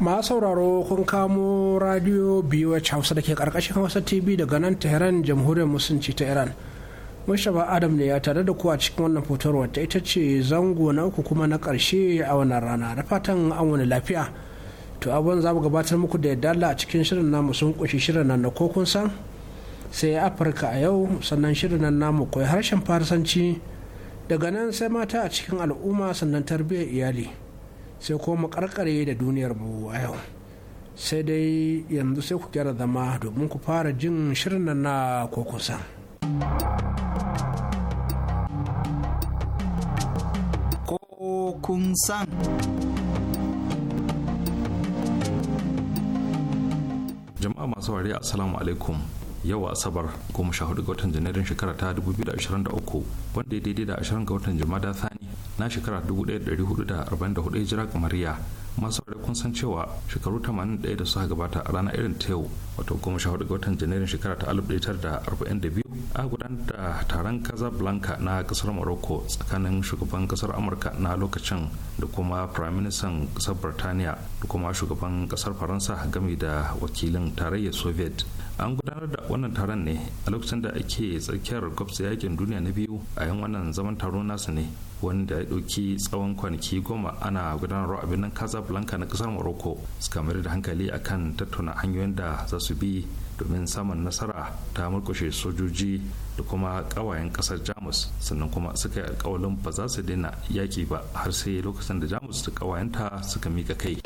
ma sauraro kun kamo radio biyu hausa da ke karkashin hausa tv daga nan tehran jamhuriyar musulunci ta iran mashaba adam ne ya tare da ku a cikin wannan fitarwar ta ita ce zango na uku kuma na karshe a wannan rana da fatan an wani lafiya to abin za mu gabatar muku da yadda a cikin shirin namu sun kunshi shirin nan na kun san sai afirka a yau sannan shirin nan namu koyi harshen farisanci daga nan sai mata a cikin al'umma sannan tarbiyyar iyali sai kuma karkare da duniyar mu a yau sai dai yanzu sai ku gyara zama domin ku fara jin shirin nan na kokun san jama'a masu wari assalamu alaikum yau asabar 14 ga watan janairun shekara ta 2023 wanda ya daidai da 20 ga watan jumada sani na shekara 1444 hijira kamariya masu kun san cewa shekaru 81 da suka gabata a ranar irin ta yau wato goma sha hudu ga watan janairun shekara ta alif da arba'in da biyu a gudanar da taron casablanca na kasar morocco tsakanin shugaban kasar amurka na lokacin da kuma prime minister kasar birtaniya da kuma shugaban kasar faransa game da wakilin tarayyar soviet an gudanar da wannan taron ne a lokacin da ake tsakiyar gwabsa yakin duniya na biyu a yan wannan zaman taro nasu ne wanda ya dauki tsawon kwanaki goma ana gudanarwa a birnin casablanca na kasar morocco suka mayar da hankali akan tattauna hanyoyin da za su su bi domin saman nasara ta murkushe sojoji da kuma kawayen kasar jamus sannan kuma suka yi alkawalin ba za su daina yaki ba har sai lokacin da jamus da kawayenta suka mika kai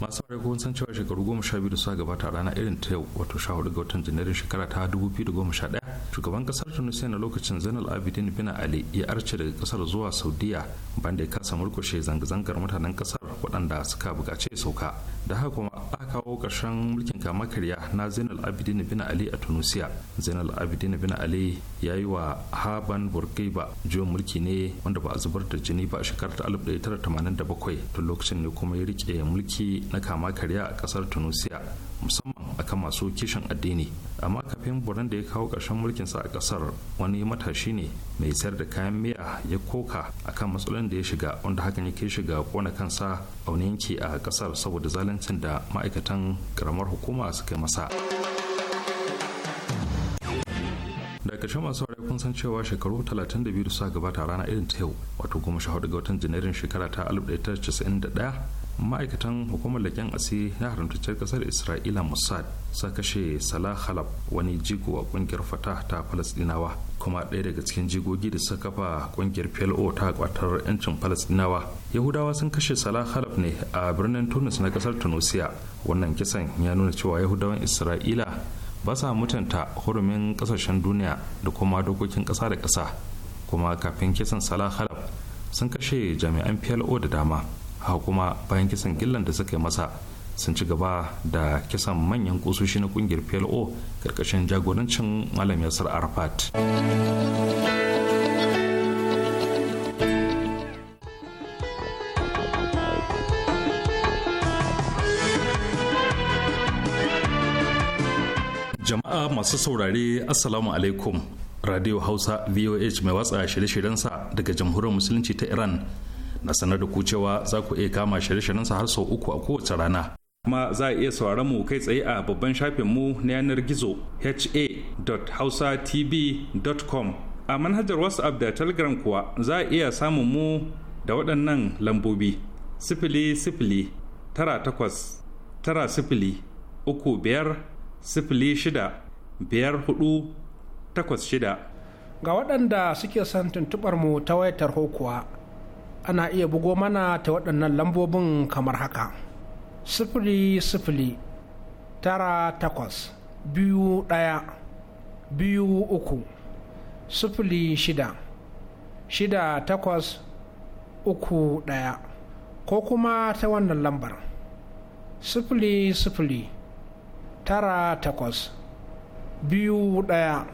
masu rai kun san cewa shekaru goma sha biyu da suka gabata rana irin ta yau wato sha hudu ga watan janairun shekara ta dubu biyu da goma sha ɗaya shugaban kasar tunisia na lokacin zainal abidin bin ali ya arce daga kasar zuwa saudiya bayan da ya kasa murkushe zanga-zangar mutanen kasar waɗanda suka buƙaci sauka da haka kuma a kawo ƙarshen mulkin kama karya na zainal abidin bin ali a tunisia zainal abidin bin ali ya yi wa haban burgeba juyin mulki ne wanda ba a zubar da jini ba a shekarar 1987 tun lokacin ne kuma ya rike mulki na kama karya a ƙasar tunisia musamman akan masu kishin addini amma kafin buran da ya kawo ƙarshen mulkinsa a ƙasar wani matashi ne mai sayar da kayan miya ya koka akan matsalolin da ya shiga wanda hakan ya kai shiga kona kansa a wani yanki a ƙasar saboda zaluncin da ma'aikatan karamar hukuma suka masa. da ƙarshe masu wari kun san cewa shekaru 32 da suka gabata rana irin ta yau wato 14 ga watan janairun shekara ta 1991 ma'aikatan hukumar leƙen asiri na haramtaccen ƙasar isra'ila mossad sa kashe salah halab wani jigo a ƙungiyar fata ta falasɗinawa kuma ɗaya daga cikin jigogi da suka kafa ƙungiyar plo ta kwatar 'yancin falasdinawa yahudawa sun kashe salah halab ne a birnin tunis na ƙasar tunisia wannan kisan ya nuna cewa yahudawan isra'ila ba sa mutunta hurumin ƙasashen duniya da kuma dokokin ƙasa da ƙasa kuma kafin kisan salah halab sun kashe jami'an plo da dama haka kuma bayan kisan gillan da suka yi masa sun ci gaba da kisan manyan kusoshi na kungiyar plo karkashin jagorancin malam yasir arafat jama'a masu saurare assalamu alaikum radio hausa voh mai watsa shirye-shiryensa daga jamhuriyar musulunci ta iran na sanar da ku cewa za ku iya kama shirye-shiryen har sau uku a kowace rana kuma za a iya sauraron mu kai tsaye a babban shafin mu na yanar gizo ha.hausa.tv.com a manhajar whatsapp da telegram kuwa za a iya samun mu da waɗannan lambobi sifili sifili tara takwas tara sifili uku biyar sifili shida biyar hudu takwas shida ga waɗanda suke son tuntuɓar mu ta wayar tarho kuwa ana iya bugo mana ta waɗannan lambobin kamar haka sifili sifili tara takwas biyu ɗaya biyu uku sifili shida shida takwas uku ɗaya ko kuma ta wannan lambar sifili sifili tara takwas biyu ɗaya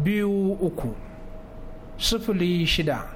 biyu uku sifili shida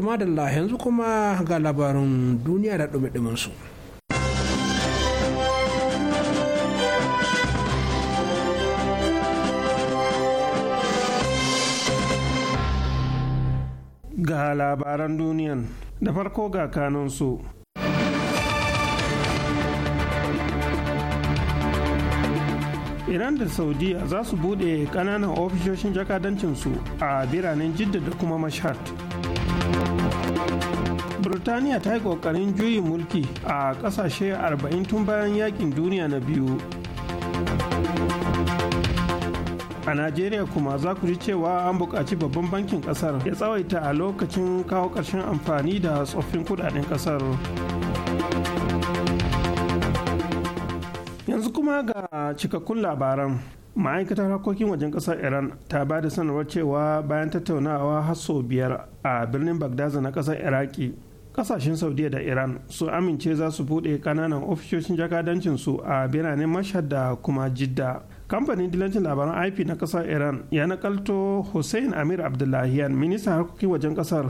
Tuma da yanzu kuma ga labarin duniya da ɗumi su. Ga labaran duniyan da farko ga kanunsu. Iran da Saudiya za su buɗe ƙananan ofishoshin jakadancinsu a biranen Jidda da kuma Mashhad. Birtaniya ta yi ƙoƙarin juyin mulki a ƙasashe 40 tun bayan yakin duniya na biyu. A Najeriya kuma za ku ji cewa an buƙaci babban bankin ƙasar ya tsawaita a lokacin kawo ƙarshen amfani da tsoffin kudaden ƙasar. Yanzu kuma ga cikakkun labaran. ma'aikatar harkokin wajen ƙasar iran ta ba da sanarwar cewa bayan tattaunawa har biyar a birnin bagdaza na ƙasar iraki ƙasashen saudiya da iran su amince za su buɗe kananan ofishoshin jakadancin su a biranen mashhad da kuma jidda kamfanin dilancin labaran ip na ƙasar iran ya nakalto hussein amir abdullahian ministan harkokin wajen ƙasar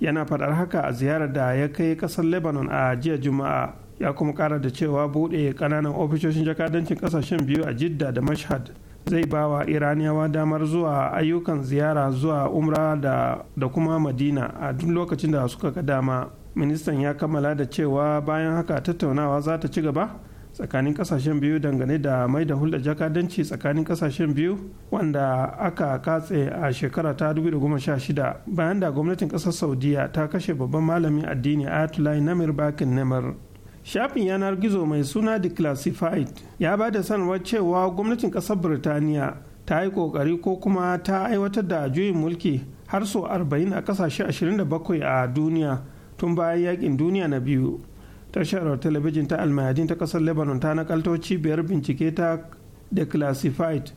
yana faɗar haka a ziyarar da ya kai ƙasar lebanon a jiya juma'a ya kuma kara da cewa buɗe ƙananan ofisoshin jakadancin ƙasashen biyu a jidda da mashhad zai ba wa iraniyawa damar zuwa ayyukan ziyara zuwa umra da, kuma madina a duk lokacin da suka ga dama ministan ya kammala da cewa bayan haka tattaunawa za ta ci gaba tsakanin kasashen biyu dangane da mai da hulɗa jakadanci tsakanin kasashen biyu wanda aka katse a shekara ta 2016 bayan da gwamnatin ƙasar saudiya ta kashe babban malamin addini ayatollah namir bakin namir shafin yanar gizo mai suna declassified ya ba da sanarwar cewa gwamnatin kasar birtaniya ta yi kokari ko kuma ta aiwatar da juyin mulki har so 40 a kasashe 27 a duniya tun bayan yakin duniya na biyu tashar talabijin ta almayadin ta kasar lebanon ta nakalto cibiyar bincike ta declassified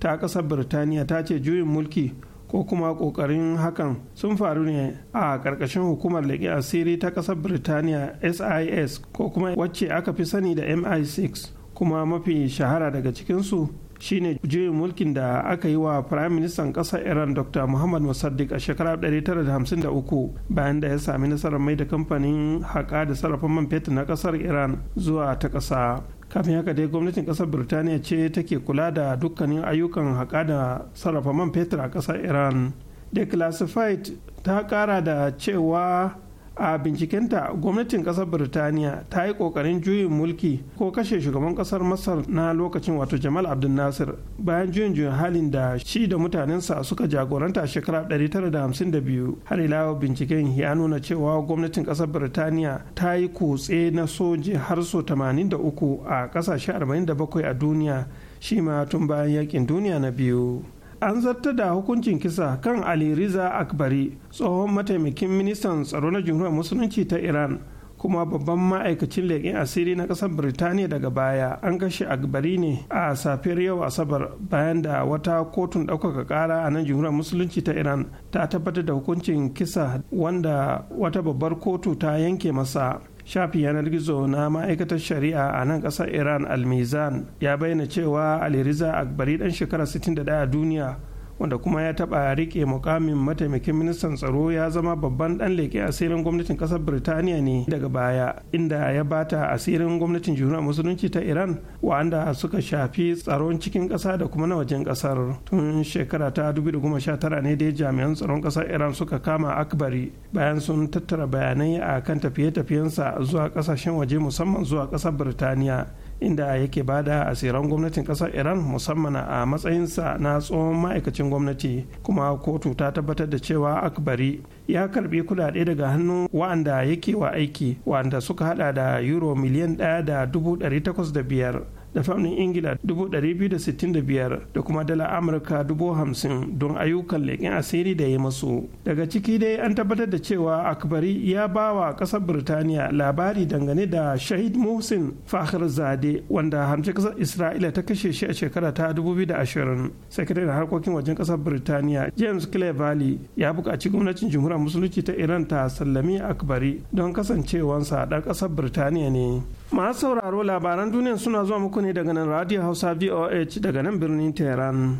ta kasar birtaniya ta ce juyin mulki ko kuma ƙoƙarin hakan sun faru ne a ƙarƙashin hukumar leƙe asiri ta ƙasar birtaniya sis ko kuma wacce aka fi sani da mi6 kuma mafi shahara daga cikinsu shine juyin mulkin da aka yi wa firayim ministan ƙasar iran dr muhammad musaddiq a shekarar 1953 bayan da ya sami nasarar mai da kamfanin haƙa da sarrafa man fetur na ƙasar iran zuwa ta ƙasa kafin haka dai gwamnatin kasar birtaniya ce take kula da dukkanin ayyukan haƙa da sarrafa man fetur a ƙasar iran declassified ta ƙara da cewa a bincikenta gwamnatin kasar birtaniya ta yi kokarin juyin mulki ko kashe shugaban kasar masar na lokacin wato jamal abdul nasir bayan juyin juyin halin da shi da mutanensa suka jagoranta shekara 1952 har ila binciken ya nuna cewa gwamnatin kasar birtaniya ta yi kutse na soji har so 83 a kasashe 47 a duniya shi ma tun bayan yakin duniya na biyu an zarta da hukuncin kisa kan ali riza akbari tsohon mataimakin ministan tsaro na jumhuriyar musulunci ta iran kuma babban ma'aikacin leƙen asiri na ƙasar birtaniya daga baya an kashe akbari ne a safiyar yau asabar bayan da wata kotun ɗaukaka ƙara a nan jumhuriyar musulunci ta iran ta tabbatar da hukuncin kisa wanda wata babbar kotu ta yanke masa shafi yanar gizo na ma'aikatar shari'a a nan kasar iran almizan ya bayyana cewa aliriza akbari dan shekara 61 a duniya wanda kuma ya taba rike mukamin mataimakin ministan tsaro ya zama babban ɗan leke asirin gwamnatin ƙasar birtaniya ne daga baya inda ya bata asirin gwamnatin juna musulunci ta iran wanda suka shafi tsaron cikin kasa da kuma na wajen ƙasar tun shekara ta 2019 ne dai jami'an tsaron ƙasar iran suka kama akbari bayan sun tattara bayanai a kan tafiye-tafiyensa zuwa ƙasashen waje musamman zuwa ƙasar birtaniya inda yake bada asiran gwamnatin kasar iran musamman a matsayinsa na tsohon ma'aikacin gwamnati kuma kotu ta tabbatar da cewa akbari ya karbi kudade daga hannun wa'anda yake wa aiki wa'anda suka hada da euro miliyan ɗaya da dubu ɗari takwas da biyar da faunin ingila 265 da kuma dala amurka 50,000 don ayyukan leƙen asiri da ya masu daga ciki dai an tabbatar da cewa akbari ya ba wa ƙasar birtaniya labari dangane da shahid mohsin fahar zade wanda hamshe ƙasar isra'ila ta kashe shi a shekara ta 2020 sakataren harkokin wajen ƙasar birtaniya james valley ya buƙaci gwamnatin jamhuriyar musulunci ta iran ta sallami akbari don kasancewansa ɗan ƙasar birtaniya ne masu sauraro labaran duniya suna zuwa muku ne daga nan radio hausa voh daga nan birnin tehran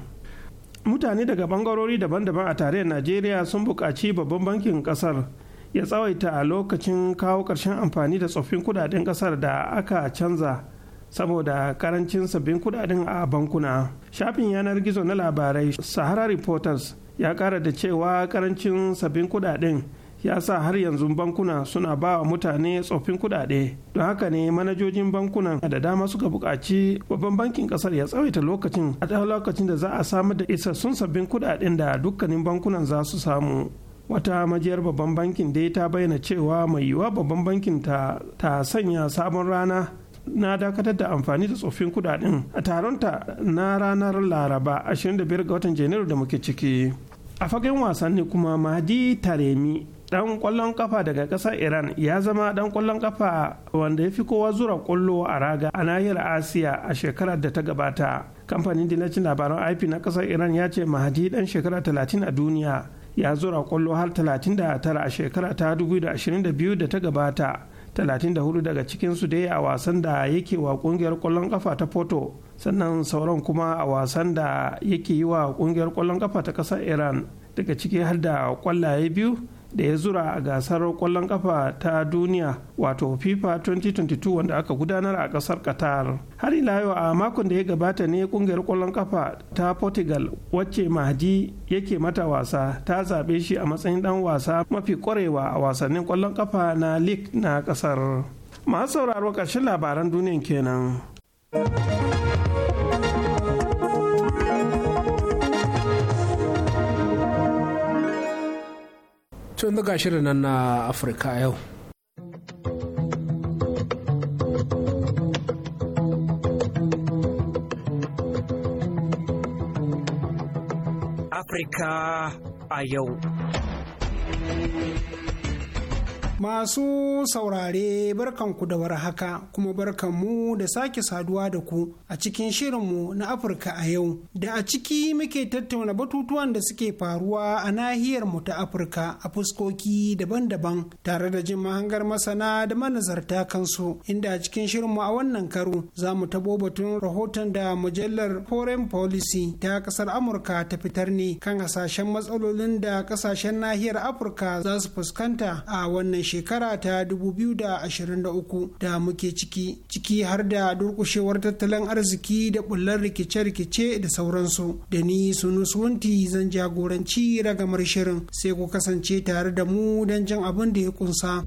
mutane daga bangarori daban-daban a tarayyar najeriya sun buƙaci babban bankin ƙasar ya tsawaita a lokacin kawo ƙarshen amfani da tsoffin kudaden ƙasar da aka canza saboda karancin sabbin kudaden a bankuna shafin yanar gizo na labarai sahara reporters ya ƙara da cewa karancin sabbin kudaden ya sa har yanzu bankuna suna ba wa mutane tsoffin kudade. don haka ne manajojin bankunan da dama suka buƙaci babban bankin ƙasar ya tsawaita lokacin a lokacin da za a samar da isassun sabbin kuɗaɗen da dukkanin bankunan za su samu wata majiyar babban bankin dai ta bayyana cewa mai yiwuwa babban bankin ta, ta sanya sabon rana na dakatar da amfani da tsoffin kudaden a taronta na ranar laraba 25 ga watan janairu da muke ciki a fagen wasanni kuma mahdi taremi dan kwallon kafa daga kasar iran ya zama dan kwallon kafa wanda ya fi kowa zura kwallo a raga a nahiyar asiya a shekarar da ta gabata kamfanin dinacin labaran ip na kasar iran ya ce mahadi dan shekara 30 a duniya ya zura kwallo har 39 a shekara ta 2022 da ta gabata 34 daga cikinsu dai a wasan da yake wa kungiyar kwallon kafa ta Foto sannan sauran kuma a wasan da yake yi wa kungiyar kwallon kafa ta kasar iran daga ciki har da kwallaye biyu da ya zura a gasar kwallon kafa ta duniya wato fifa 2022 wanda aka gudanar a kasar qatar har ila yau a makon da ya gabata ne kungiyar kwallon kafa ta portugal wacce mahdi yake mata wasa ta zaɓe shi a matsayin dan wasa mafi kwarewa a wasannin kwallon kafa na league na kasar masu sauraro ƙarshen labaran duniyan kenan. To yanzu ga shirin nan na Afirka yau. Afirka a yau. Masu saurare barkanku da warhaka kuma barkanmu da sake saduwa da ku a cikin shirinmu na Afirka a yau da a ciki muke tattauna batutuwan da suke faruwa a nahiyar mu ta Afirka a fuskoki daban-daban tare da jin mahangar masana da manazarta kansu inda a cikin shirinmu a wannan karo za mu tabo batun rahoton da mujallar Foreign Policy ta kasar Amurka ta fitar ne kan hasashen matsalolin da kasashen nahiyar Afirka za su fuskanta a wannan shekara ta 2023 da muke ciki ciki har da durkushewar tattalin arziki da bullar rikice-rikice da sauransu da ni sunusunti zan jagoranci ragamar shirin sai ku kasance tare da mu don jin abin da ya kunsa.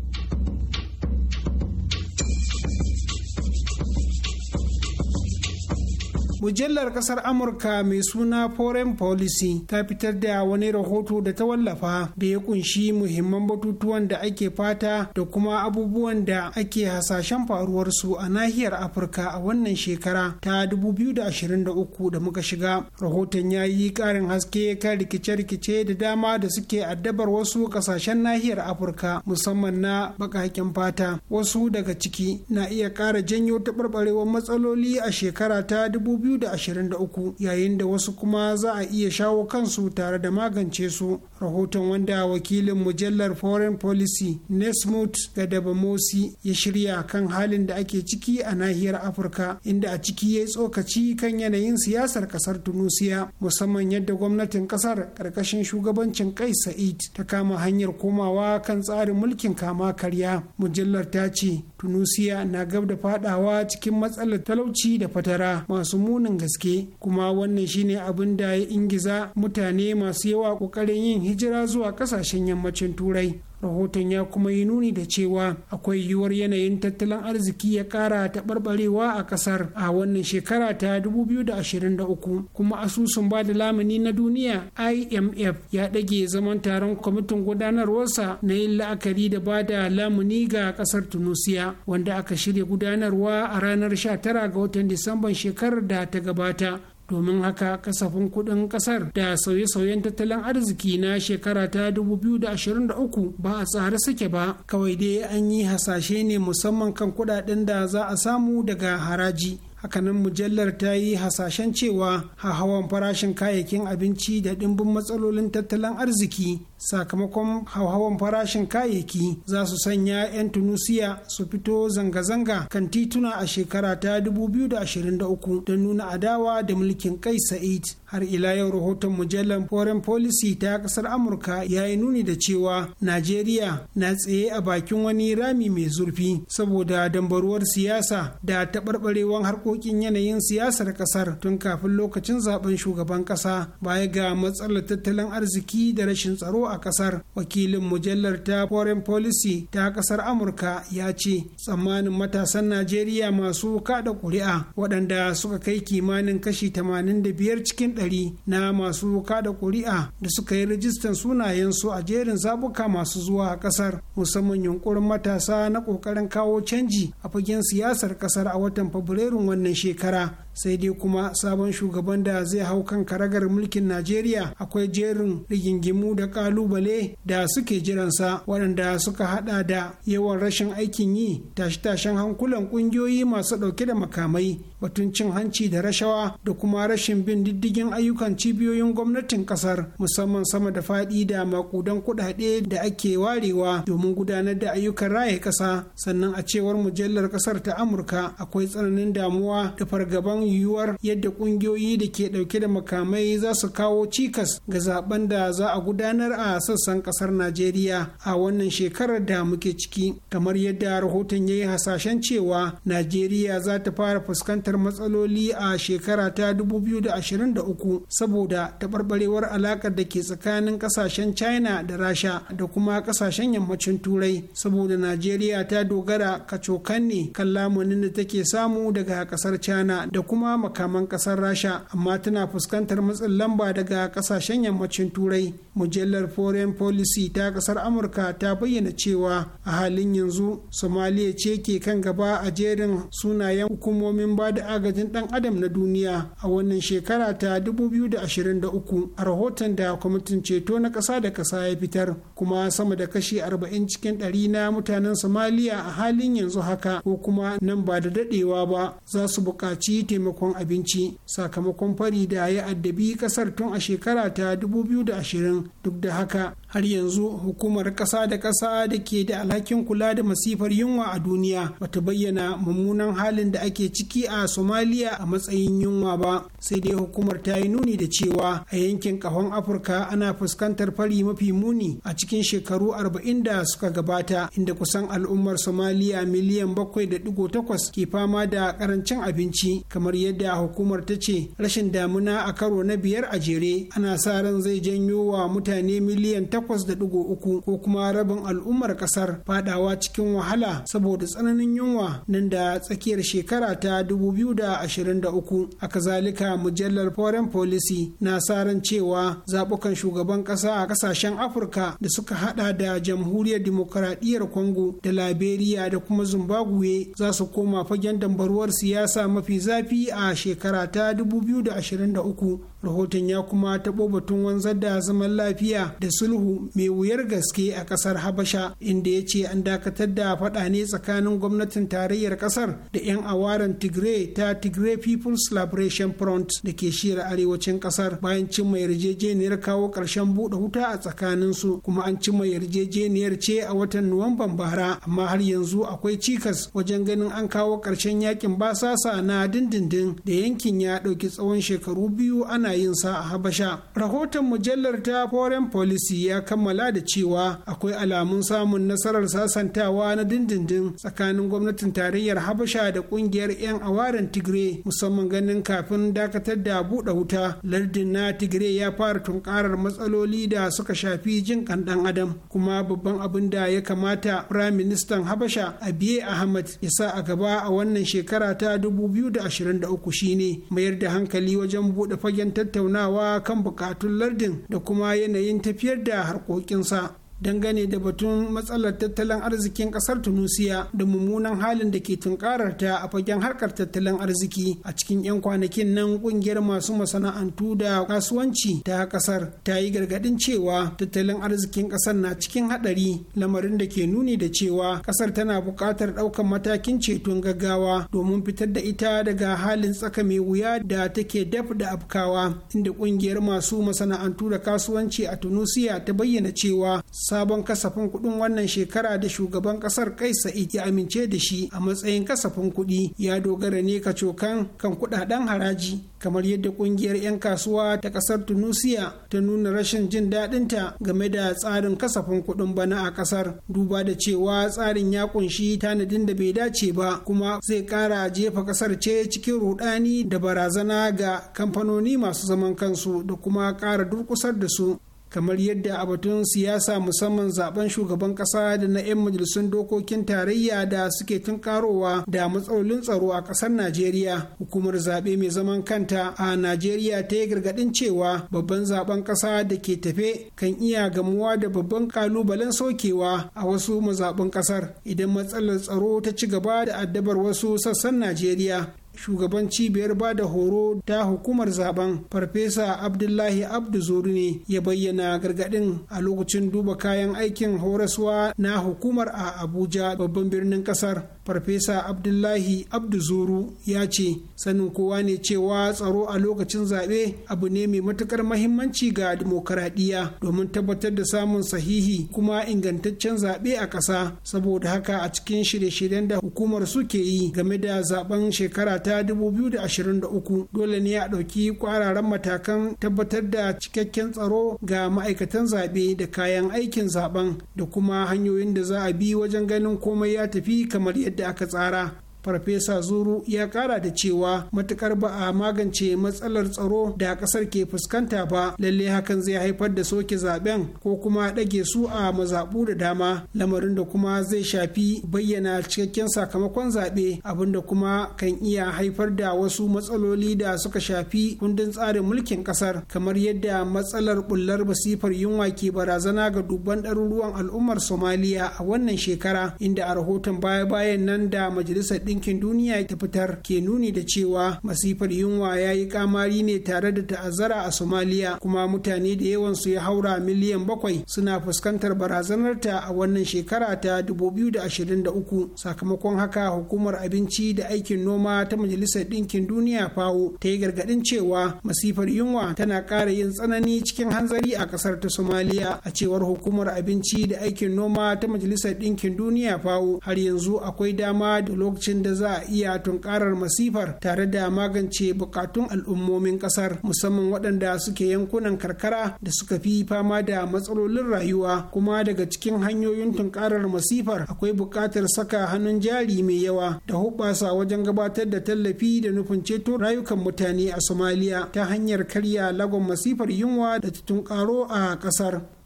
mujallar kasar amurka mai suna foreign policy ta fitar da wani rahoto da ta wallafa da ya kunshi muhimman batutuwan da ake fata da kuma abubuwan da ake hasashen faruwarsu a nahiyar afirka a wannan shekara ta 2023 da muka shiga rahoton ya yi karin haske kan rikice-rikice da dama da suke addabar wasu ƙasashen nahiyar afirka musamman na bakaken fata wasu daga ciki na iya ƙara janyo taɓarɓarewar matsaloli a shekara ta 2023 2023 yayin da wasu kuma za a iya shawo kansu tare da magance su rahoton wanda wakilin mujallar foreign policy nesmut dabamosi ya shirya kan halin da ake ciki a nahiyar afirka inda a ciki ya yi tsokaci kan yanayin siyasar kasar tunusiya musamman yadda gwamnatin kasar karkashin shugabancin kai sa'id ta kama hanyar komawa kan tsarin mulkin kama karya mujallar ta ce tunusiya na gab da fadawa cikin matsalar talauci da fatara masu munin gaske kuma wannan shine abin da ya ingiza mutane masu yawa kokarin yin hijira zuwa kasashen yammacin turai rahoton ya kuma yi nuni da cewa akwai yiwuwar yanayin tattalin arziki ya kara taɓarɓarewa a ƙasar a wannan shekara ta 2023 kuma asusun ba da lamuni na duniya imf ya ɗage zaman taron kwamitin gudanarwarsa na yin la'akari da ba da lamuni ga ƙasar tunisia wanda aka shirya gudanarwa a ranar 19 ga watan disamban shekarar da ta gabata domin haka kasafin kuɗin ƙasar da sauye-sauyen tattalin arziki na shekara ta 2023 ba a tsare suke ba kawai dai an yi hasashe ne musamman kan kuɗaɗen da za a samu daga haraji hakanan mujallar ta yi hasashen cewa hawan farashin kayayyakin abinci da dimbin matsalolin tattalin arziki sakamakon hauhawan farashin kayayyaki za su sanya 'yan tunisia su fito zanga-zanga kan tituna a shekara ta 2023 don nuna adawa da mulkin kai sa'id har ila yau rahoton mujallar foreign policy ta kasar amurka ya yi nuni da cewa najeriya na tsaye a bakin wani rami mai zurfi saboda dambaruwar siyasa da taɓarɓarewar harkokin yanayin siyasar kasar tun kafin lokacin zaben shugaban ƙasa baya ga matsalar tattalin arziki da rashin tsaro a kasar wakilin mujallar ta foreign policy ta kasar amurka ya ce tsammanin matasan najeriya masu kada kuri'a waɗanda suka kai kimanin kashi 85 cikin 100 na masu kada kuri'a da suka yi rijistan sunayensu a jerin zabuka masu zuwa a kasar musamman yunkurin matasa na kokarin kawo canji a fagen siyasar kasar a watan fabrairun wannan shekara sai dai kuma sabon shugaban da zai hau kan karagar mulkin najeriya akwai jerin rigingimu da kalubale da suke jiransa waɗanda suka hada da yawan rashin aikin yi tashe-tashen hankulan ƙungiyoyi masu ɗauke da makamai batun cin hanci da rashawa da kuma rashin bin diddigin ayyukan cibiyoyin gwamnatin ƙasar musamman sama da faɗi da makudan kuɗaɗe da ake warewa domin gudanar da ayyukan raye ƙasa sannan a cewar mujallar ƙasar ta amurka akwai tsananin damuwa da fargaban yiwuwar yadda kungiyoyi da ke dauke da makamai za su kawo cikas ga zaben da za a gudanar a sassan kasar najeriya a wannan shekarar da muke ciki kamar yadda rahoton ya yi hasashen cewa najeriya za ta fara fuskantar matsaloli a shekara ta 2023 saboda taɓarɓarewar alaƙar da ke tsakanin ƙasashen china da rasha da kuma ƙasashen yammacin turai saboda najeriya ta dogara kacokan ne kan lamunin da take samu daga ƙasar china da kuma kuma makaman kasar rasha amma tana fuskantar matsin lamba daga kasashen yammacin turai mujallar foreign policy ta kasar amurka ta bayyana cewa a halin yanzu somaliya ce ke kan gaba a jerin sunayen hukumomin ba da agajin dan adam na duniya a wannan shekara ta 2023 a rahoton da kwamitin ceto na kasa da kasa ya fitar kuma sama da kashi 40 cikin 100 na mutanen somaliya a halin yanzu haka ko kuma nan ba da dadewa ba za su buƙaci taimakon abinci sakamakon fari da ya addabi kasar tun a shekara ta 2020 duk da haka har yanzu hukumar ƙasa da ƙasa da ke da alhakin kula da masifar yunwa a duniya bata bayyana mummunan halin da ake ciki a somaliya a matsayin yunwa ba sai dai hukumar ta yi nuni da cewa a yankin ƙahon afirka ana fuskantar fari mafi muni a cikin shekaru arba'in da suka gabata inda kusan al'ummar somaliya miliyan bakwai da digo takwas ke fama da ƙarancin abinci kamar yadda hukumar ta ce rashin damuna a karo na biyar a jere ana sa ran zai janyo wa mutane miliyan 8 8.3 ko kuma rabin al'ummar kasar fadawa cikin wahala saboda tsananin yunwa nan da tsakiyar shekara ta 2023 a kazalika mujallar foreign policy na saran cewa zabukan shugaban kasa a kasashen afirka da suka hada da jamhuriyar dimokuraɗiyyar congo da liberia da kuma zimbabwe za su koma fagen dambaruwar siyasa mafi zafi a shekara ta 2023 rahoton ya kuma taɓo batun wanzar da zaman lafiya da sulhu mai wuyar gaske a ƙasar habasha inda ya ce an dakatar da faɗa ne tsakanin gwamnatin tarayyar ƙasar da 'yan awaran tigray ta tigray people's liberation front da ke shira arewacin ƙasar bayan cimma yarjejeniyar kawo ƙarshen buɗe wuta a tsakanin su kuma an cimma yarjejeniyar ce a watan nuwamban bara amma har yanzu akwai cikas wajen ganin an kawo ƙarshen yakin basasa na dindindin da yankin ya ɗauki tsawon shekaru biyu ana ana yin sa a habasha rahoton mujallar ta foreign policy ya kammala da cewa akwai alamun samun nasarar sasantawa na dindindin tsakanin gwamnatin tarayyar habasha da kungiyar 'yan awaren tigre musamman ganin kafin dakatar da buɗe wuta lardin na tigre ya fara tunkarar matsaloli da suka shafi jin kan dan adam kuma babban abin da ya kamata prime ministan habasha abiye ahmad ya sa a gaba a wannan shekara ta 2023 shine mayar da hankali wajen buɗe fagen tattaunawa kan bukatun lardin da kuma yanayin tafiyar da harkokinsa dangane da batun matsalar tattalin arzikin kasar tunisia da mummunan halin da ke tunƙarar ta a fagen harkar tattalin arziki a cikin 'yan kwanakin nan kungiyar masu masana'antu da kasuwanci ta kasar ta yi gargadin cewa tattalin arzikin kasar na cikin hadari lamarin da ke nuni da cewa kasar tana buƙatar ɗaukar matakin ceton gaggawa domin fitar da ita daga halin tsaka mai wuya da take daf da afkawa inda kungiyar masu masana'antu da kasuwanci a tunisia ta bayyana cewa sabon kasafin kuɗin wannan shekara da shugaban ƙasar kai sa'id ya amince da shi a matsayin kasafin kuɗi ya dogara ne kacokan kan kuɗaɗen haraji kamar yadda ƙungiyar 'yan kasuwa ta ƙasar tunusiya ta nuna rashin jin daɗinta game da tsarin kasafin kuɗin bana a ƙasar duba da cewa tsarin ya ƙunshi tanadin da bai dace ba kuma zai ƙara jefa ƙasar ce cikin ruɗani da barazana ga kamfanoni masu zaman kansu da kuma ƙara durƙusar da su kamar yadda a batun siyasa musamman zaben shugaban kasa da na 'yan majalisun dokokin tarayya da suke tunkarowa da matsalolin tsaro a kasar najeriya hukumar zaɓe mai zaman kanta a najeriya ta yi gargaɗin cewa babban zaben kasa da ke tafe kan iya gamuwa da babban kalubalen sokewa a wasu mazaɓin kasar idan matsalar tsaro ta ci gaba da addabar wasu sassan najeriya shugaban cibiyar ba da horo ta hukumar zaben farfesa abdullahi abdu ne ya bayyana gargadin a lokacin duba kayan aikin horaswa na hukumar a abuja babban birnin kasar farfesa abdullahi abduzuru ya ce sanin kowa ne cewa tsaro a lokacin zaɓe abu ne mai matuƙar mahimmanci ga dimokuraɗiyya domin tabbatar da samun sahihi kuma ingantaccen zaɓe a ƙasa saboda haka a cikin shirye-shiryen da hukumar suke yi game da zaben shekara ta ta 2023 dole ne ya ɗauki kwararan matakan tabbatar da cikakken tsaro ga ma'aikatan zaɓe da kayan aikin zaɓen da kuma hanyoyin da za a bi wajen ganin komai ya tafi kamar yadda aka tsara farfesa zuru ya kara da cewa matukar ba a magance matsalar tsaro da kasar ke fuskanta ba lalle hakan zai haifar da soke zaben ko kuma ɗage su a mazaɓu da dama lamarin da kuma zai shafi bayyana cikakken sakamakon zaɓe abinda kuma kan iya haifar da wasu matsaloli da suka shafi kundin tsarin mulkin kasar kamar yadda matsalar bullar masifar yunwa ke barazana ga dubban ɗaruruwan al'ummar somaliya a wannan shekara inda a rahoton baya-bayan nan da majalisar ɗin yankin duniya ta fitar ke nuni da cewa masifar yunwa ya yi kamari ne tare da ta'azzara a somaliya kuma mutane da yawan su ya haura miliyan bakwai suna fuskantar barazanarta a wannan shekara ta 2023 sakamakon haka hukumar abinci da aikin noma ta majalisar ɗinkin duniya fawo ta yi gargaɗin cewa masifar yunwa tana ƙara yin tsanani cikin hanzari a ƙasar ta somaliya a cewar hukumar abinci da aikin noma ta majalisar ɗinkin duniya fawo har yanzu akwai dama da lokacin matakin da za a iya tunkarar masifar tare da magance bukatun al'ummomin kasar musamman waɗanda suke yankunan karkara da suka fi fama da matsalolin rayuwa kuma daga cikin hanyoyin tunkarar masifar akwai buƙatar saka hannun jari mai yawa da hubbasa wajen gabatar da tallafi da nufin ceto rayukan mutane a somaliya ta hanyar karya lagon masifar yunwa da tunkaro a kasar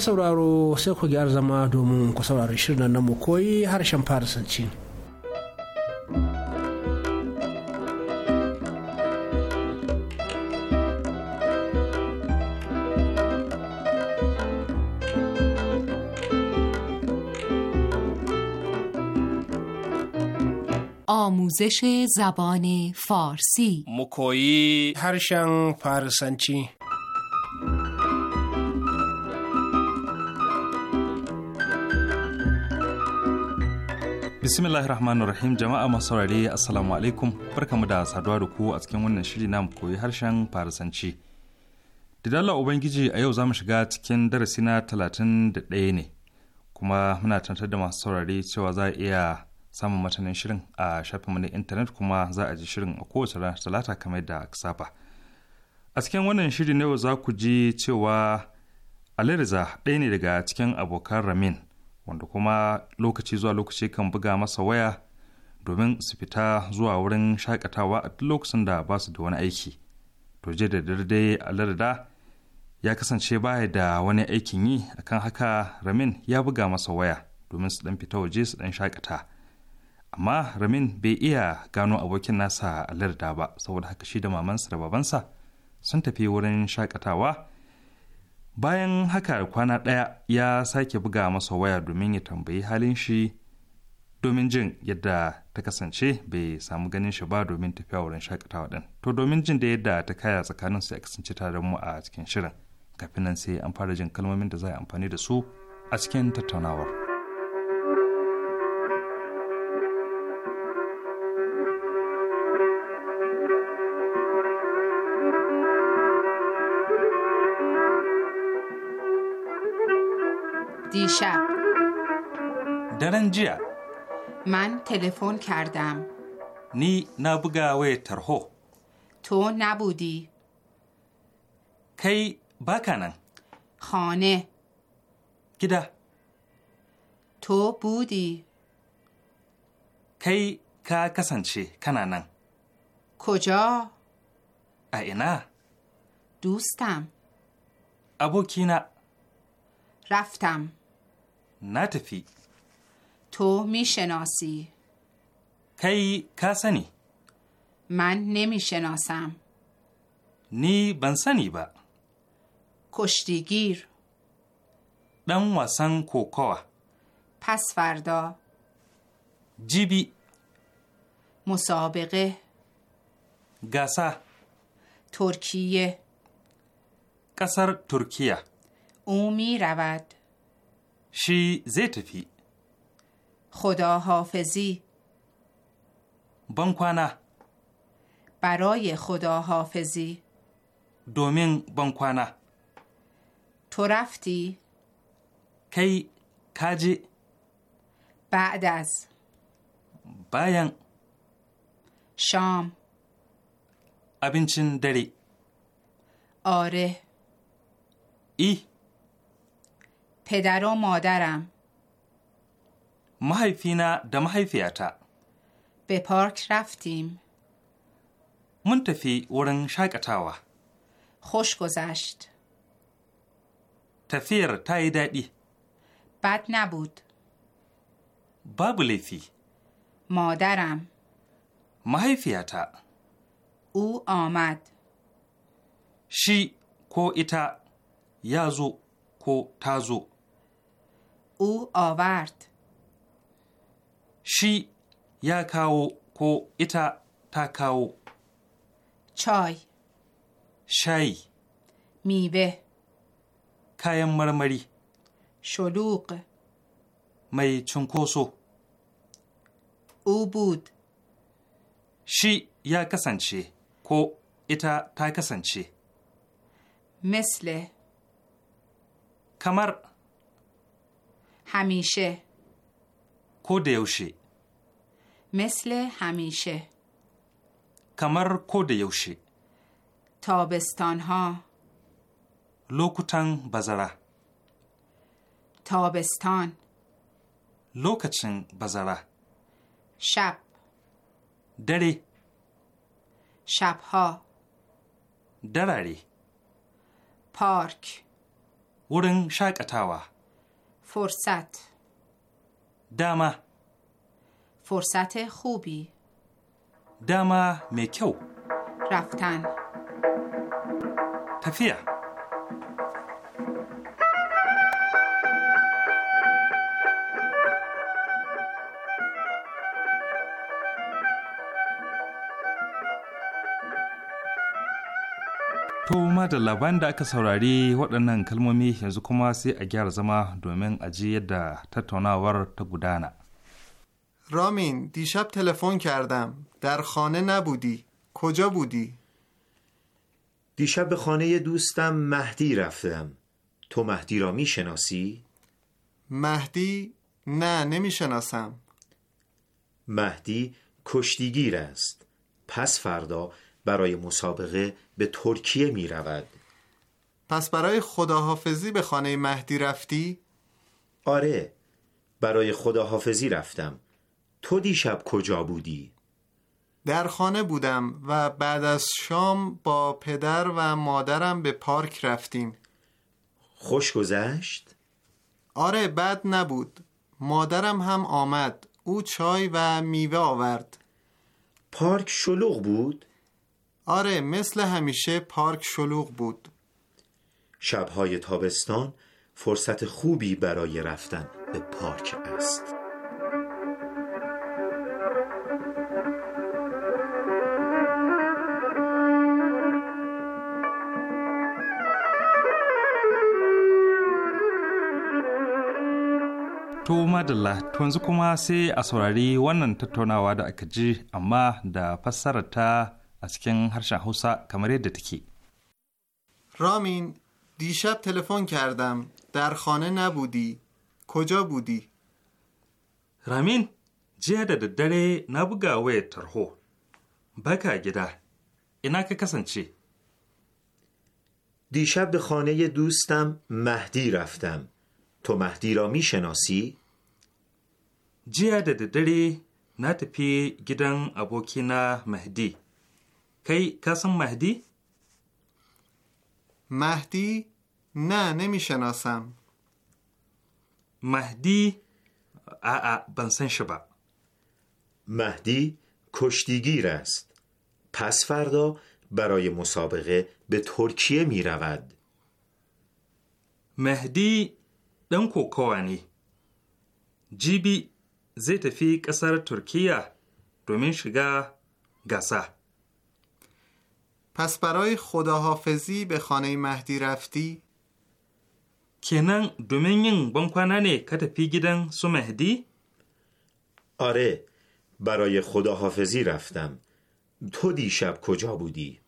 sauraro sai ku gyara zama domin ku saurari shirin na mu koyi harshen farisanci. آموزش زبان فارسی مکویی هرشن فارسنچی bismillahir rahmanir rahim jama'a masu saurare assalamu alaikum barkamu da saduwa da ku a cikin wannan shiri na koyi harshen farisanci didalla ubangiji a yau za mu shiga cikin darasi na talatin da ɗaya ne kuma muna tantar da masu saurare cewa za a iya samun matanin shirin a shafinmu na intanet kuma za a ji shirin a kowace rana talata kamar da saba a cikin wannan shiri na yau za ku ji cewa alirza ɗaya ne daga cikin abokan ramin wanda kuma lokaci zuwa lokaci kan buga masa waya domin su fita zuwa wurin shakatawa a duk lokacin da ba su da wani aiki to je da dare alarda ya kasance baya da wani aikin yi akan haka ramin ya buga masa waya domin su dan fita waje su dan shakata amma ramin bai iya gano abokin nasa alarda ba saboda haka shi da mamansa da babansa sun tafi wurin shakatawa bayan haka kwana ɗaya ya sake buga masa waya domin ya tambayi halin shi domin jin yadda ta kasance bai samu ganin shi ba domin tafiya wurin shakatawa ɗin to domin jin da yadda ta kaya tsakanin su ya kasance tare mu a cikin shirin kafin nan sai an fara jin kalmomin da za a amfani da su a cikin tattaunawar. دیشب درن جیا من تلفن کردم نی نبگاوی ترهو تو نبودی کی بکنن خانه کدا تو بودی کی که کسنچی کننن کجا اینا دوستم ابو کینا رفتم na تو میشناسی کی کسنی من نمیشناسم نی بنسنی با کشتیگیر دن واسن کوکوا پس فردا جیبی مسابقه گسه ترکیه قصر ترکیه او می رود شی زی خدا خداحافظی بانکوانا برای خداحافظی دومین بانکوانا تو رفتی؟ کی کجی بعد از باین شام ابینچن دری آره ای پدر و مادرم مهیفینا دا مهیفیتا به پارک رفتیم منتفی ورن شاکتاوه خوش گذشت تفیر تای دادی بد نبود باب لیفی مادرم مهیفیتا او آمد شی کو ایتا یازو کو تازو او آورد شی یا کاو کو ایتا تا کاو چای شای میوه کایم مرمری شلوق می چونکوسو او بود شی یا کسانچه کو ایتا تا کسانچه مثل کمر همیشه کودیوشی مثل همیشه کمر کودیوشی تابستان ها لوکتان بزره تابستان لوکچن بزره شب دری شبها دراری پارک ورن شاکتاوه فرصت داما فرصت خوبی داما میکو رفتن تفیه ma da labarin da aka saurari waɗannan kalmomi yanzu kuma sai a gyara zama domin a ji yadda tattaunawar ta gudana. رامین دیشب تلفن کردم در خانه نبودی کجا بودی؟ دیشب به خانه دوستم مهدی رفتم تو مهدی را میشناسی؟ مهدی نه نمیشناسم مهدی کشتیگیر است پس فردا برای مسابقه به ترکیه می رود پس برای خداحافظی به خانه مهدی رفتی؟ آره برای خداحافظی رفتم تو دیشب کجا بودی؟ در خانه بودم و بعد از شام با پدر و مادرم به پارک رفتیم خوش گذشت؟ آره بد نبود مادرم هم آمد او چای و میوه آورد پارک شلوغ بود؟ آره مثل همیشه پارک شلوغ بود شبهای تابستان فرصت خوبی برای رفتن به پارک است تو madalla to yanzu kuma sai a اکجی wannan tattaunawa da aka a هر harshen Hausa kamar yadda رامین دیشب تلفن کردم در خانه نبودی کجا بودی رامین جه د ددره نبوگا وی ترهو بکا گدا اینا که کسنچه دیشب به خانه دوستم مهدی رفتم تو مهدی را میشناسی جه دلی ددره نتپی گیدن ابوکینا مهدی کی کسم مهدی؟ مهدی؟ نه نمیشناسم مهدی؟ آآ بنسن شبا مهدی کشتیگیر است پس فردا برای مسابقه به ترکیه می رود مهدی دنکو کوانی جیبی زیتفی فیک قصر ترکیه دومین شگا گسه پس برای خداحافظی به خانه مهدی رفتی؟ کنن دومینین بانکوانانه کت پیگیدن سو مهدی؟ آره برای خداحافظی رفتم تو دیشب کجا بودی؟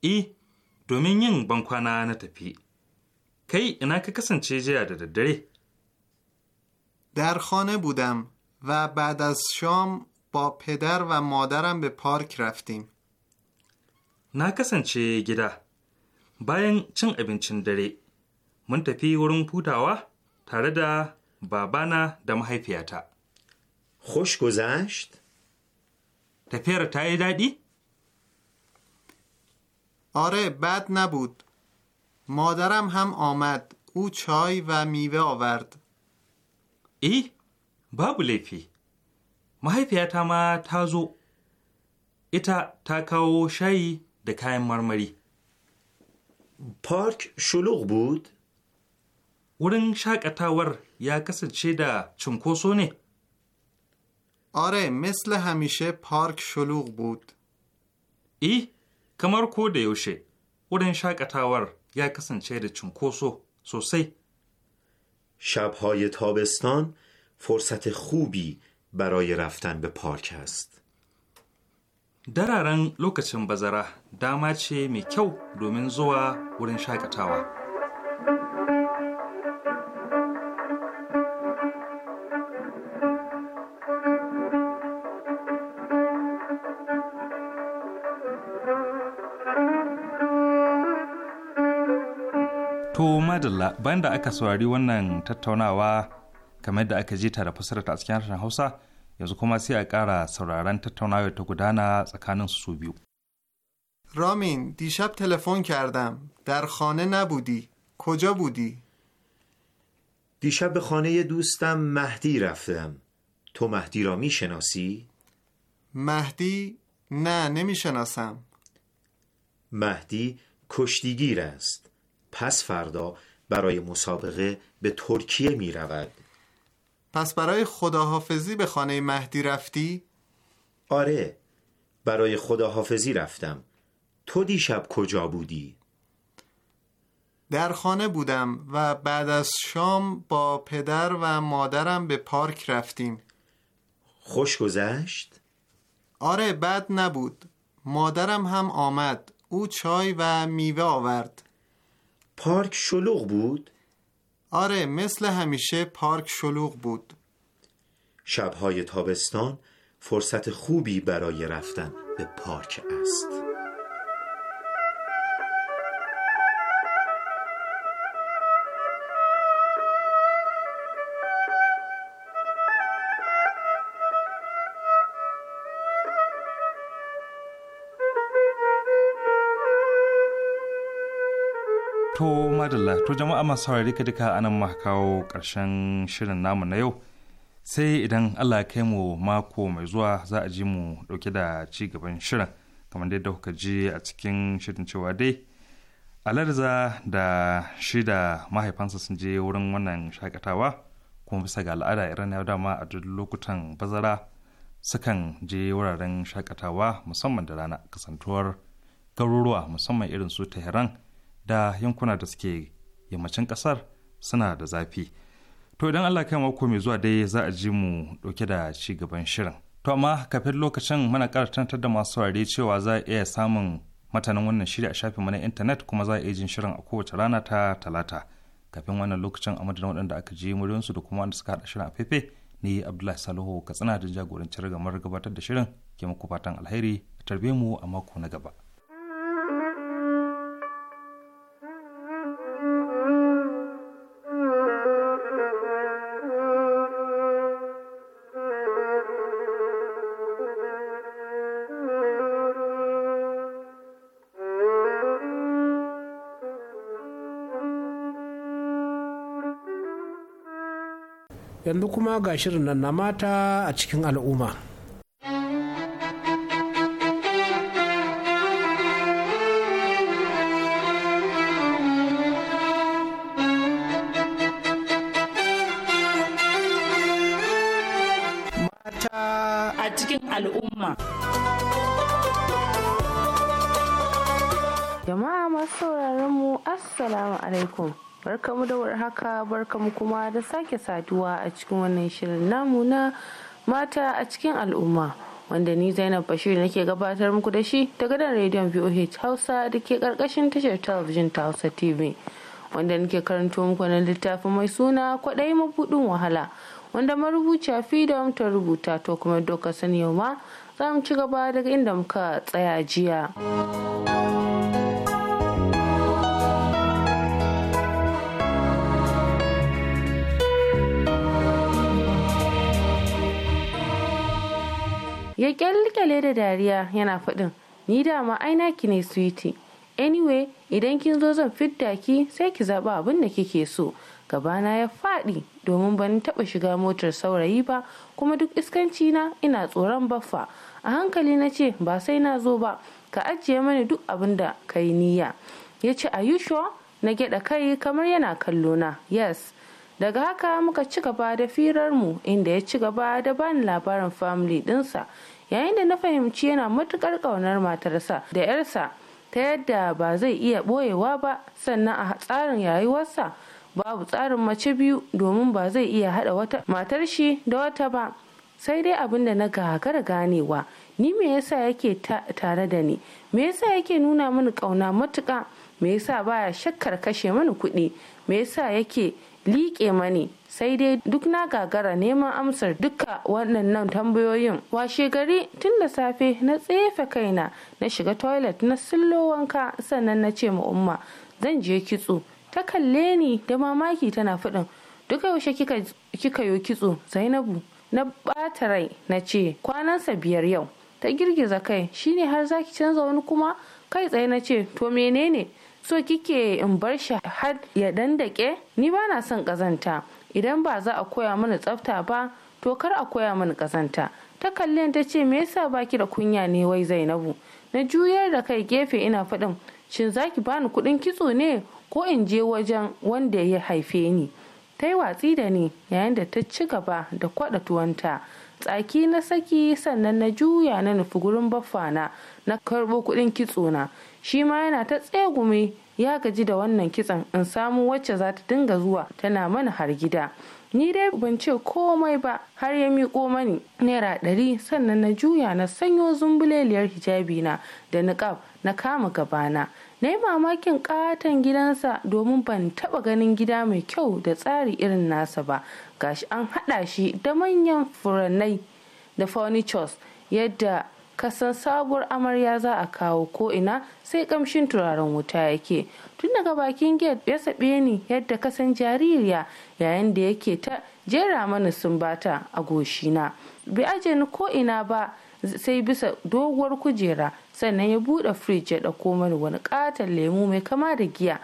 ای دومینین بانکوانانه تپی کی اینا که کسن چیزی جیاده داری؟ در خانه بودم و بعد از شام با پدر و مادرم به پارک رفتیم na kasance gida bayan cin abincin dare mun tafi wurin hutawa tare da babana da mahaifiyata. Hush ko zasht? Tafiyar ta yi daɗi? Are bad na bud. Madaram ham amad. U chai wa miwe award. E? Babu lepi. Mahaifiyata ma ta zo. Ita ta kawo shayi ده که مرمری پارک شلوغ بود ورن شاکتاور یا کسی ده چون آره مثل همیشه پارک شلوغ بود ای کمر کوده یوشه ورن شاکتاور یا کسی ده چون کسو سو شبهای تابستان فرصت خوبی برای رفتن به پارک است. Dararen lokacin bazara dama ce mai kyau domin zuwa wurin shakatawa. To madalla bayan da aka saurari wannan tattaunawa kamar da aka ji ta da fasarta a cikin harshen Hausa yanzu kuma sai a رامین دیشب تلفن کردم در خانه نبودی کجا بودی؟ دیشب به خانه دوستم مهدی رفتم تو مهدی را میشناسی؟ مهدی؟ نه نمیشناسم مهدی کشتیگیر است پس فردا برای مسابقه به ترکیه می رود پس برای خداحافظی به خانه مهدی رفتی؟ آره برای خداحافظی رفتم تو دیشب کجا بودی؟ در خانه بودم و بعد از شام با پدر و مادرم به پارک رفتیم خوش گذشت؟ آره بد نبود مادرم هم آمد او چای و میوه آورد پارک شلوغ بود؟ آره مثل همیشه پارک شلوغ بود شبهای تابستان فرصت خوبی برای رفتن به پارک است تو madalla to jama'a masu saurari ka duka anan ma kawo ƙarshen shirin namu na yau sai idan allah kai mu mako mai zuwa za a ji mu dauke da ci gaban shirin kamar dai da kuka ji a cikin shirin cewa dai alarza da shi da mahaifansa sun je wurin wannan shakatawa kuma bisa ga al'ada iran ya dama a duk lokutan bazara sukan je wuraren shakatawa musamman da rana kasantuwar garuruwa musamman irin su tehran da yankuna da suke yammacin kasar suna da zafi. To idan Allah kai mako mai zuwa dai za a ji mu dauke da ci gaban shirin. To amma kafin lokacin muna ƙara da masu saurare cewa za a iya samun matanin wannan shiri a shafin mana intanet kuma za a iya jin shirin a kowace rana ta talata. Kafin wannan lokacin a madadin waɗanda aka ji su da kuma wanda suka haɗa shirin a fefe ni Abdullahi Salihu Katsina da jagorancin gamar gabatar da shirin ke muku fatan alheri a tarbe mu a mako na gaba. kuma ga shirin nan na mata a cikin al'umma. haka barkamu kuma da sake saduwa a cikin wannan shirin namu na mata a cikin al'umma wanda ni zainab bashir nake gabatar muku da shi ta gadon rediyon voh hausa da ke karkashin tashar talabijin ta hausa tv wanda nake karanto muku na littafin mai suna kwaɗayi mabuɗin wahala wanda marubuciya da ta rubuta to kuma doka sani yau ma za mu ci gaba daga inda muka tsaya jiya. ya kyalkyale da dariya yana faɗin ni dama ai naki ne suiti anyway idan kin zo zan fidda ki sai ki zaɓa abin da kike so gabana ya faɗi domin ban taɓa shiga motar saurayi ba kuma duk iskanci na ina tsoron baffa a hankali na ce ba sai na zo ba ka ajiye mani duk abin da ka yi niyya ya ce are you sure na gyaɗa kai kamar yana kallona yes daga haka muka ci gaba da firarmu inda ya ci gaba da bani labarin family dinsa yayin da na fahimci yana matukar ƙaunar matarsa da yarsa ta yadda ba zai iya boyewa ba sannan a tsarin yayuwarsa babu tsarin mace biyu domin ba zai iya haɗa wata matar shi da wata ba sai dai abin da na gagar ganewa ni me yasa yake tare da ni me yasa yake nuna mini ƙauna matuka me yasa baya shakkar kashe mani kuɗi me yasa yake liƙe mani sai dai duk na gagara neman amsar duka waɗannan tambayoyin washe gari tun da safe na tsefe kaina na shiga toilet na sillo wanka sannan na ce ma umma zan je kitso ta kalle ni da mamaki tana faɗin duka yaushe kika yo kitso zainabu na ɓata rai na ce kwanansa biyar yau ta girgiza kai shine har zaki canza wani kuma kai tsaye na ce to menene so kike in bar shi har ya dandake ni ba na son kazanta idan ba za a koya mana tsafta ba to kar a koya mana kazanta ta kalle ta ce me yasa baki da kunya ne wai Zainabu na juyar da kai gefe ina faɗin shin zaki bani kuɗin kitso ne ko in je wajen wanda ya haife ni ta yi watsi da ni yayin da ta ci gaba da kwaɗa tuwanta tsaki na saki sannan na juya na nufi gurin baffana na karɓo kuɗin kitsona shi ma yana ta tsegume ya gaji da wannan kitsan in samu wacce za ta dinga zuwa tana mana har gida ni dai ban ce komai ba har ya miƙo mani naira ɗari sannan na juya na sanyo zumbuleliyar hijabi na da niƙab na kama gabana na yi mamakin ƙaton gidansa domin ban taɓa ganin gida mai kyau da tsari irin nasa ba gashi an haɗa shi da manyan furannai da furnitures yadda kasan sabuwar amarya za a kawo ko ina sai kamshin turaren wuta yake tun daga bakin gate ya saɓe ni yadda kasan jaririya yayin da yake ta jera mana sumbata a goshina bai aje ni ko ina ba sai bisa doguwar kujera sannan ya buɗe firij ya ɗauko mani wani ƙaton lemu mai kama da giya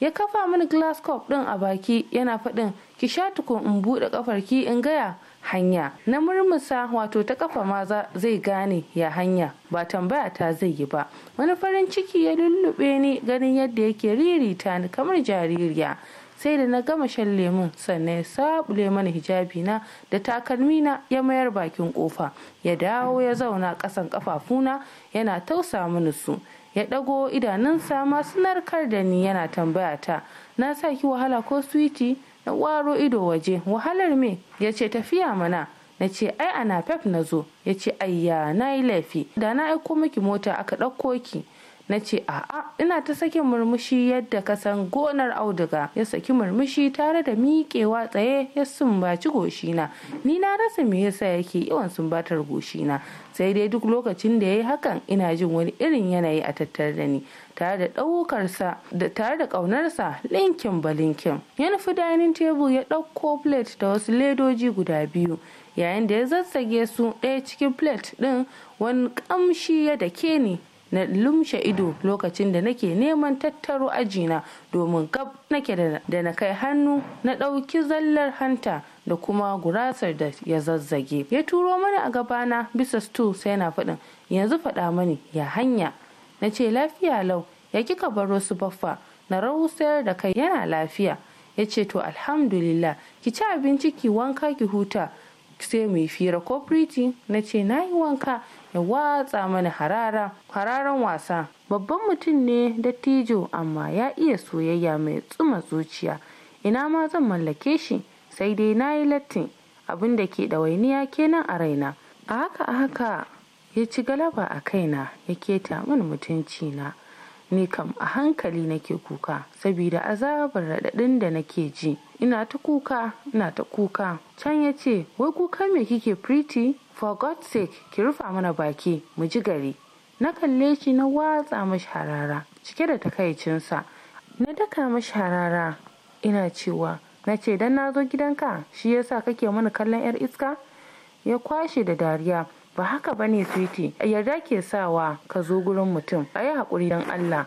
ya kafa mini glass cup din a baki yana faɗin ki sha tukun in buɗe kafar ki in gaya hanya na murmusa wato ta kafa maza zai gane ya hanya ba tambaya ta zai yi ba wani farin ciki ya lullube ni ganin yadda yake ririta ni kamar jaririya sai da na gama shan lemun sannan ya sabule mana hijabi na da takalmi na ya mayar bakin kofa ya dawo ya zauna kasan kafafuna yana tausa mini su ya ɗago idanunsa masu narkar da ni yana tambaya ta na sa ki wahala ko switi na ƙwaro ido waje wahalar me ya ce tafiya mana na ce ai ana pep na zo ya ce ayya na yi laifi da na aiko miki mota aka ɗauko ki na ce a'a ina ta sakin murmushi yadda ka san gonar auduga ya saki murmushi tare da miƙewa tsaye ya sumbaci goshina ni na rasa me yasa yake yawan sumbatar goshina sai dai duk lokacin da ya yi hakan ina jin wani irin yanayi a tattare da ni tare da ɗaukarsa da tare da ƙaunarsa linkin ba linkin ya nufi dining table ya ɗauko plate da wasu ledoji guda biyu yayin da ya zazzage su ɗaya cikin plate ɗin wani ƙamshi ya dake ni na lumshe ido lokacin da nake neman tattaro ajina domin gab nake da na kai hannu na ɗauki zallar hanta da kuma gurasar da ya zazzage ya turo mana a gabana bisa stool sai na faɗin yanzu faɗa mani ya hanya na ce lafiya lau ya kika baro su baffa na rahusayar da kai yana lafiya ya ce to alhamdulillah ki ci abinci ki wanka ki huta sai mu yi fira ko na ce na yi wanka ya watsa mana harara hararan wasa babban mutum ne dattijo amma ya iya soyayya mai tsuma zuciya ina ma zan mallake shi sai dai na yi lattin abin da ke ɗawainiya kenan a raina a haka a haka ya ci galaba a kaina ya keta min mutunci na ni kam a hankali nake kuka saboda azabar raɗaɗin da nake ji ina ta kuka ina ta kuka can ya ce wai kuka me kike pretty for god's sake ki rufa mana baki mu ji gari na kalle shi na watsa mashi harara cike da takaicinsa na daka mashi harara ina cewa na ce dan na zo gidanka shi yasa kake mana kallon yar iska ya kwashe da dariya ba haka ba bane sweetie yarda ke sawa ka zo gurin mutum a yi haƙuri don allah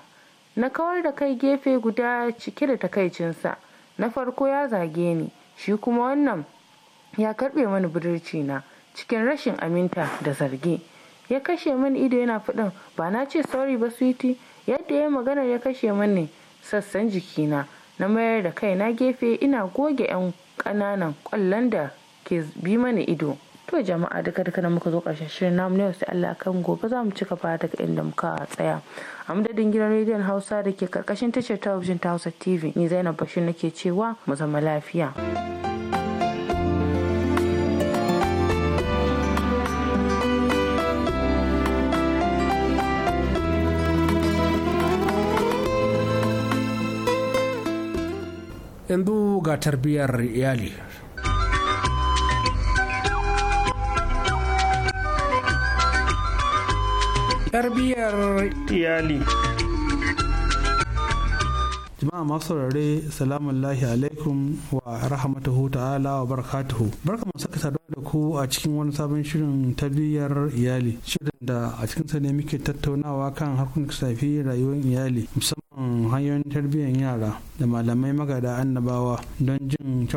na kawar da kai gefe guda cike da takaicinsa na farko ya zage ni shi kuma wannan ya karɓe mani budurci na cikin rashin aminta da zargi ya kashe mani ido yana faɗin ba na ce sauri ba sweetie yadda ya maganar ya kashe mani sassan jikina na mayar da kai, na gefe ina goge 'yan ƙananan kwallon da ke bi mani ido to jama'a duka duka da muka zo karshen shirin namu na yau sai Allah kan gobe za mu cika fara daga inda muka tsaya a madadin gidan rediyon Hausa da ke karkashin tashar talabijin ta Hausa TV ni Zainab Bashir nake cewa mu zama lafiya. yanzu ga tarbiyyar iyali tarbiyyar iyali jama'a masu saurare salamun lahi alaikum wa rahmatuhu ta'ala wa barakatuhu barka mu saka da ku a cikin wani sabon shirin tarbiyyar iyali shirin da a cikin ne muke tattaunawa kan harkun safi rayuwar iyali musamman hanyoyin tarbiyyar yara da malamai magada annabawa don jin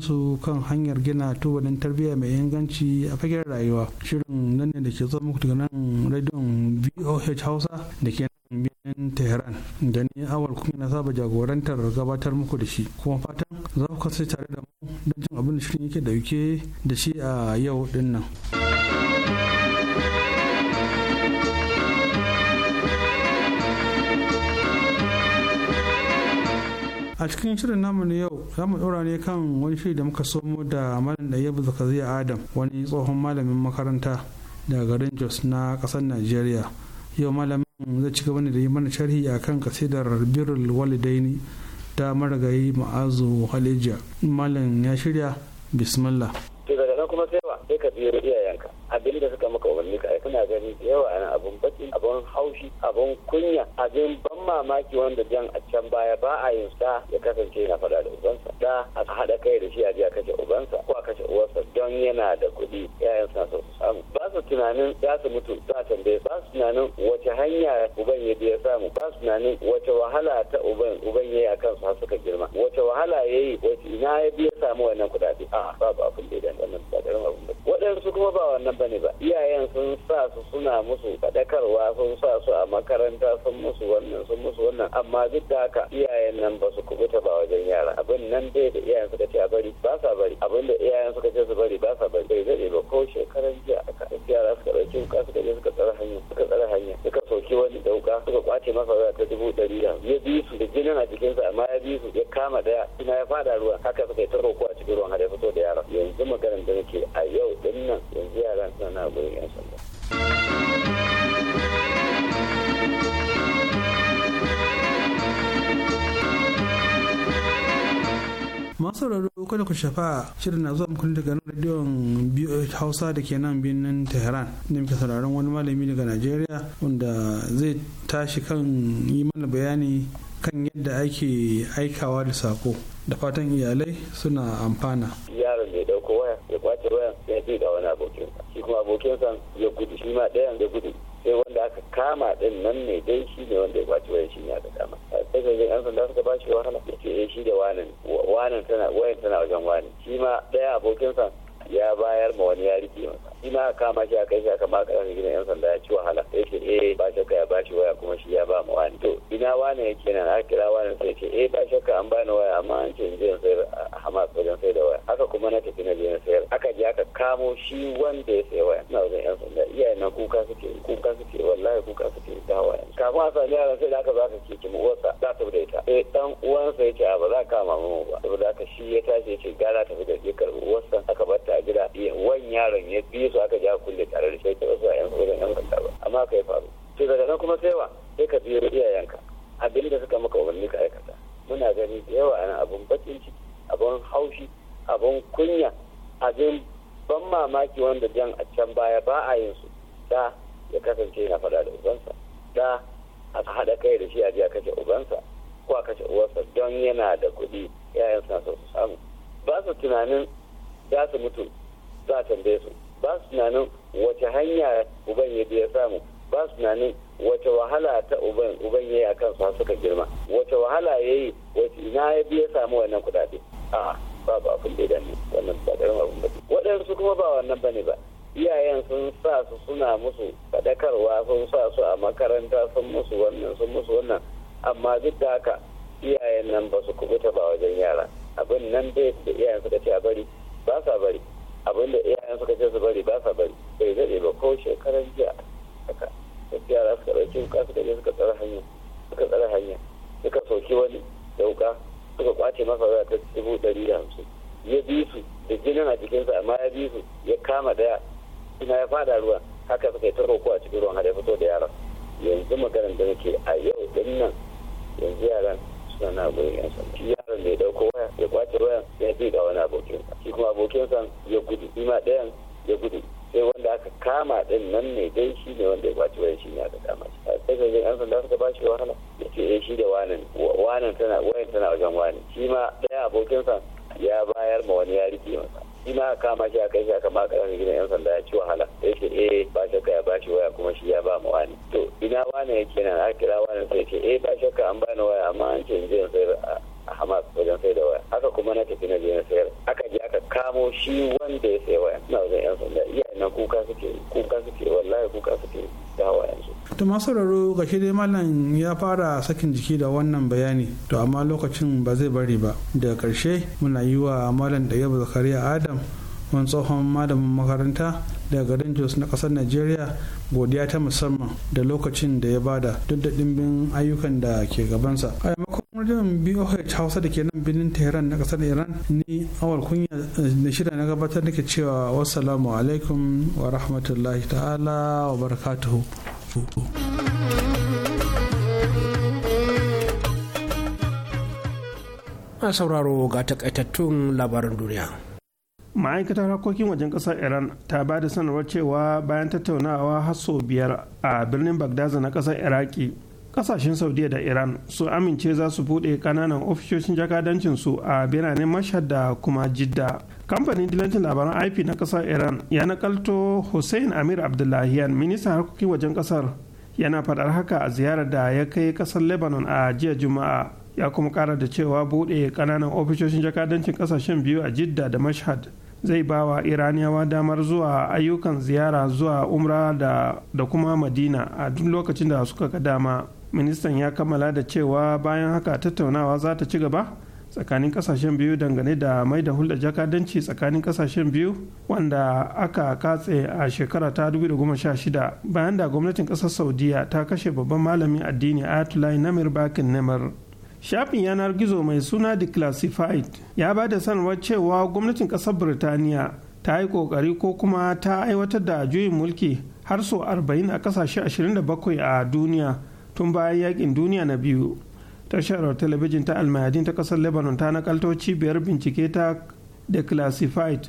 su kan hanyar gina tubalin tarbiyya mai inganci a fagen rayuwa shirin nan ne da ke zo muku daga nan rediyon voh hausa da ke birnin tehran da ni awal kuma na saba jagorantar gabatar muku da shi kuma fatan za ku kasance tare da mu don jin abin da shirin yake dauke da shi a yau dinnan. a cikin shirin namu na yau za mu ɗora ne kan wani shiri da muka somo da malam da yabu zakaziya adam wani tsohon malamin makaranta daga garin jos na ƙasar najeriya yau malamin zai ci gaba ne da yi mana sharhi a kan kasidar birul walidaini da marigayi ma'azu haleja malam ya shirya bismillah to daga nan kuma sai ba sai ka biyo iyayenka abin da suka maka umarni ka kuna gani da yawa ana abun baki abun haushi abun kunya abin ban mamaki wanda jan a can baya ba a yin sa ya kasance yana fada da ubansa da a haɗa kai da shi a ji a kashe ubansa ko a kashe uwarsa don yana da kuɗi yayan sa su samu ba su tunanin za su mutu za a tambaye ba su tunanin wace hanya uban ya biya samu ba su tunanin wace wahala ta uban uban ya yi a kansu har suka girma wace wahala ya yi wace ina ya biya samu wannan kuɗaɗe a babu abin da ya dan wannan ba abin da waɗansu kuma ba wannan ne ba iyayen sun sa su suna musu faɗakarwa sun sa su a makaranta sun musu wannan sun musu wannan amma duk da haka iyayen nan ba su kubuta ba wajen yara abin nan dai da iyayen suka ce a bari ba sa bari abin da iyayen suka ce su bari ba sa bari bai daɗe ba ko shekaran jiya aka yara suka ɗauki wuka suka je suka tsara hanya suka tsara hanya suka soki wani da wuka suka kwace masa wuya ta dubu ɗari da ya bi su da jinin a jikinsa amma ya bi su ya kama daya ina ya fada ruwa haka suka yi ta roko a cikin ruwan har ya fito da yara yanzu maganar da nake a yau din nan yanzu yaran sana abin ya sanda. masu rarru kada ku shafa shirin na zuwa muku daga nan rediyon hausa da ke nan birnin tehran da muke sauraron wani malami daga nigeria wanda zai tashi kan yi mana bayani kan yadda ake aikawa da sako da fatan iyalai suna amfana yaron mai dauko waya ya kwace waya ya ji ga wani abokin kuma abokinsa ya gudu shi ma ɗayan ya gudu sai wanda aka kama din nan ne dai shi ne wanda ya kwaci wayan shi ne aka kama sai ka ga yan sanda suka ba shi wahala ya ce eh shi da wanin wanin tana wayan tana wajen wani shi ma ɗaya abokinsa ya bayar ma wani ya rike masa shi ma aka kama shi a kai shi aka ba ƙarfi gidan yan sanda ya ci wahala ya ce eh ba shakka ya bashi waya kuma shi ya ba mu wani to ina wani yake nan a kira wani sai ce eh ba shakka an bani waya amma an ce in je sayar a hamas wajen sai da waya haka kuma na tafi na je na sayar aka je aka kamo shi wanda ya sayi waya na wajen yan sanda iyayen nan kuka suke kuka suke wallahi kuka suke da waya kafin a sami yaran sai da aka zaka ke ki uwarsa za ta bude ita sai eh, dan uwansa ya ce ba za ka kama mu ba saboda haka shi ya tashi ya ce gara tafi bude je uwarsa aka bar ta a gida wani yaron ya bi su aka ja kulle tare da shi ba zuwa yan wurin yan ba amma ka yi faru to daga nan kuma sai wa sai ka biyo iyayenka abin da suka maka umarni ka aikata muna gani da yawa ana abun bakin ciki abun haushi abun kunya abin ban mamaki wanda jan a can baya ba a yin su da ya kasance yana faɗa da ubansa da a haɗa kai da shi a jiya kashe ubansa ko a kashe uwarsa don yana da kuɗi yayan sa so su samu ba su tunanin za su mutu za a tambaye su ba su tunanin wace hanya uban ya biya samu ba su tunanin wace wahala ta uban uban a kansu su suka girma wace wahala ya yi wace ina ya biya samu wannan kudade a babu abin da ya dame wannan ba karamin abin ba waɗansu kuma ba wannan bane ba iyayen sun sa su suna musu faɗakarwa sun sa su a makaranta sun musu wannan sun musu wannan amma duk da haka iyayen nan ba su kubuta ba wajen yara abin nan bai da iyayen suka ce a bari ba sa bari abinda iyayen suka ce su bari ba sa bari bai daɗe ba ko shekaran jiya haka yara suka ɗauki wuka suka je suka tsara hanya suka tsara hanya suka soki wani da wuka suka kwace masa waya ta dubu ɗari da hamsin ya bi su da jinin a jikinsa amma ya bi su ya kama daya kuma ya fada ruwa haka suka yi ta roko a cikin ruwan har ya fito da yaran yanzu maganar da nake a yau din nan yanzu yaran wani abu ne yaron da ya dauko waya ya kwace waya ya fi ga wani abokinsa shi kuma abokinsa ya gudu shi ma ɗayan ya gudu sai wanda aka kama din nan ne dai shi ne wanda ya kwace waya shi ne aka kama shi a tsakan jin an sanda suka bashi wahala ya ce eh shi da tana wayan tana wajen wani shi ma ɗaya abokinsa ya bayar ma wani ya rike masa shi ma kama shi a kai shi aka ba yanzu gidan yan sanda ya ci wahala ya ce eh ba shakka ya bashi waya kuma shi ya ba mu wani to ina wani yake nan a kira wani sai ce eh ba shakka an bani waya amma an ce in je sai a hamas wajen sai da waya haka kuma na tafi na je na sayar aka je aka kamo shi wanda ya saya waya na wajen yan sanda iyayen na kuka suke kuka suke wallahi kuka suke da waya to masu sauraro ga shi dai malam ya fara sakin jiki da wannan bayani to amma lokacin ba zai bari ba daga karshe muna yi wa malam da yaba zakariya adam wani tsohon malamin makaranta daga garin jos na kasar nigeria godiya ta musamman da lokacin da ya bada duk da dimbin ayyukan da ke gabansa a yamakon rajin boh hausa da ke nan birnin tehran na kasar iran ni awal kunya da eh, shida na gabatar ke cewa wassalamu alaikum wa rahmatullahi ta'ala wa barakatuhu a sauraro ga takaitattun labarin duniya ma'aikatar harkokin wajen kasar iran ta ba da sanarwar cewa bayan tattaunawa hasso biyar a birnin bagdaza na kasar iraki kasashen saudiya da iran su amince za su buɗe kananan ofishoshin jakadancin su a biranen mashhad da kuma jidda kamfanin dilancin labaran ip na kasar iran ya nakalto hussein amir abdullahian ministan harkokin wajen kasar yana faɗar haka a ziyarar da ya kai kasar lebanon a jiya juma'a ya kuma kara da cewa buɗe kananan ofishoshin jakadancin kasashen biyu a jidda da mashhad zai ba wa iraniyawa damar zuwa ayyukan ziyara zuwa umra da, da kuma madina a duk lokacin da suka ga dama ministan ya kammala da cewa bayan haka tattaunawa za ta ci gaba tsakanin kasashen biyu dangane da mai da hulɗa jakadanci tsakanin kasashen biyu wanda aka katse a shekara ta 2016 bayan da gwamnatin ƙasar saudiya ta kashe babban malamin addini ayatollah namir bakin namir shafin yanar gizo mai suna declassified ya ba da sanarwar cewa gwamnatin kasar birtaniya ta yi kokari ko kuma ta aiwatar da juyin mulki har so 40 a kasashe 27 a duniya tun bayan yakin duniya na biyu tashar talabijin ta almayadin ta kasar lebanon ta nakalto cibiyar bincike ta declassified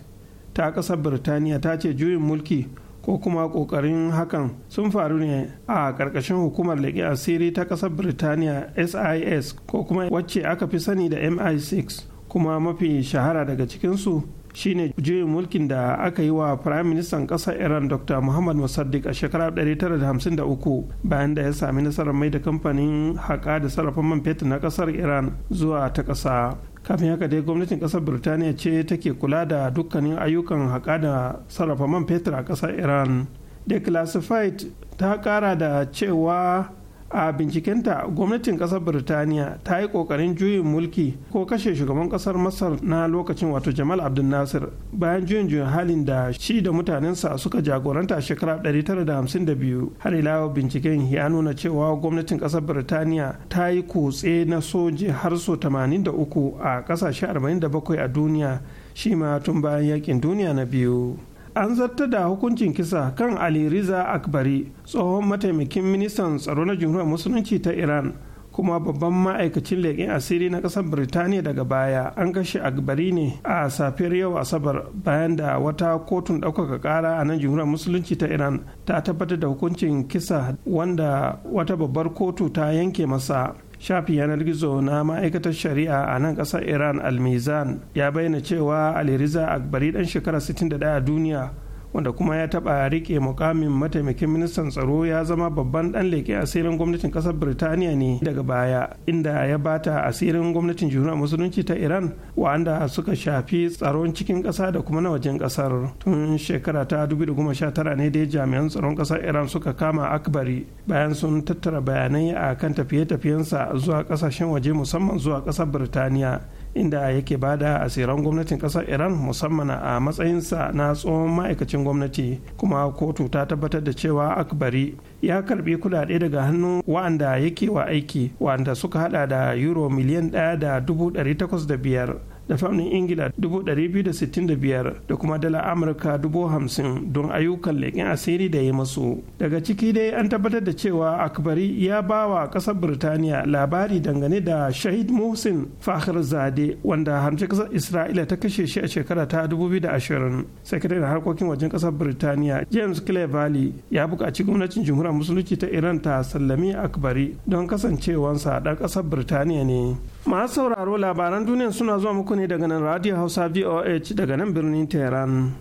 ta kasar birtaniya ta ce juyin mulki ko kuma ƙoƙarin hakan sun faru ne a ƙarƙashin hukumar leƙe asiri ta ƙasar birtaniya sis ko kuma wacce aka fi sani da mi6 kuma mafi shahara daga cikinsu shine juyin mulkin da aka yi wa firayim ministan ƙasar iran dr muhammad musaddiq a shekarar 1953 bayan da ya sami nasarar mai da kamfanin haƙa da sarrafa man fetur na ƙasar iran zuwa ta ƙasa kafin haka dai gwamnatin kasar birtaniya ce take kula da dukkanin ayyukan haƙa da sarrafa man fetur a ƙasar iran declassified ta ƙara da cewa a bincikenta gwamnatin kasar birtaniya ta yi kokarin juyin mulki ko kashe shugaban kasar masar na lokacin wato jamal abdul nasir bayan juyin juyin halin da shi da mutanensa suka jagoranta shekara 1952 har ila binciken ya nuna cewa gwamnatin kasar birtaniya ta yi kutse na soji har so 83 a kasashe 47 a duniya shi ma tun bayan yakin duniya na biyu an zarta da hukuncin kisa kan ali riza akbari tsohon mataimakin ministan tsaro na jumhuriyar musulunci ta iran kuma babban ma'aikacin leƙen asiri na ƙasar birtaniya daga baya an kashe akbari ne a safiyar yau asabar bayan da wata kotun ɗaukaka ƙara a nan jumhuriyar musulunci ta iran ta tabbatar da hukuncin kisa wanda wata babbar kotu ta yanke masa shafi yanar gizo na ma'aikatar shari'a a nan kasar iran almizan ya bayyana cewa aliriza akbari dan shekara 61 a duniya wanda kuma ya taba rike mukamin mataimakin ministan tsaro ya zama babban ɗan leke asirin gwamnatin ƙasar birtaniya ne daga baya inda ya bata asirin gwamnatin juna musulunci ta iran wanda suka shafi tsaron cikin kasa da kuma na wajen ƙasar tun shekara ta 2019 ne dai jami'an tsaron ƙasar iran suka kama akbari bayan sun tattara bayanai a kan tafiye-tafiyensa zuwa kasashen waje musamman zuwa ƙasar birtaniya inda yake bada asiran gwamnatin kasar iran musamman a matsayinsa na tsohon ma'aikacin gwamnati kuma kotu ta tabbatar da cewa akbari ya karbi kudade daga hannu wa'anda yake wa aiki wa'anda suka hada da euro miliyan ɗaya da dubu ɗari takwas da biyar da famnin ingila 265 da kuma dala amurka 50,000 don ayyukan leƙen asiri da ya masu daga ciki dai an tabbatar da cewa akbari ya ba wa ƙasar birtaniya labari dangane da shahid mohsin fahar zade wanda hamshe ƙasar isra'ila ta kashe shi a shekara ta 2020 sakataren harkokin wajen ƙasar birtaniya james cleverly ya buƙaci gwamnatin jamhuriyar musulunci ta iran ta sallami akbari don kasancewansa ɗan ƙasar birtaniya ne masu sauraro labaran duniya suna zuwa muku ne daga nan radio hausa voh daga nan birnin tehran